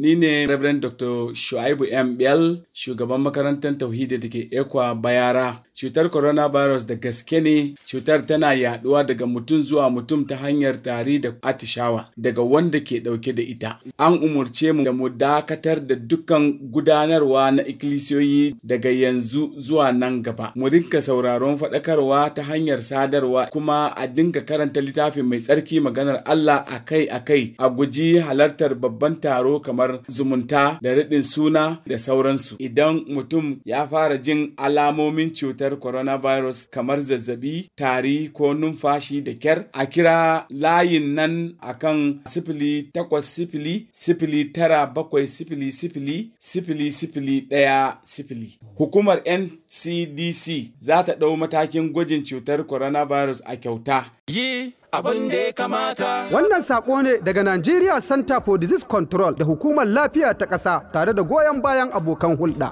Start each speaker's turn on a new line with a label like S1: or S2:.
S1: Ni ne Reverend Dr. Shuaibu M. Bell, shugaban makarantar tauhidi da ke Ekwa Bayara. Cutar coronavirus da gaske ne, cutar tana yaduwa daga mutum zuwa mutum ta hanyar tari da atishawa daga wanda ke dauke da ita. An umurce mu da mu dakatar da dukkan gudanarwa na ikkilisiyoyi daga yanzu zuwa nan gaba. Mu rinka sauraron faɗakarwa ta hanyar sadarwa kuma a dinka karanta littafin mai tsarki maganar Allah akai-akai a guji halartar babban taro kamar kamar zumunta da riɗin suna da sauransu. Idan mutum ya fara jin alamomin cutar coronavirus kamar zazzabi, tari ko numfashi da kyar, a kira layin nan akan sifili takwas sifili sifili tara bakwai sifili sifili sifili sifili ɗaya sifili. Hukumar NCDC za ta ɗau matakin gwajin cutar coronavirus a kyauta. abin da ya kamata.
S2: Wannan saƙo ne daga Nigeria Center for Disease Control da Hukumar Lafiya ta ƙasa tare da goyon bayan abokan hulɗa.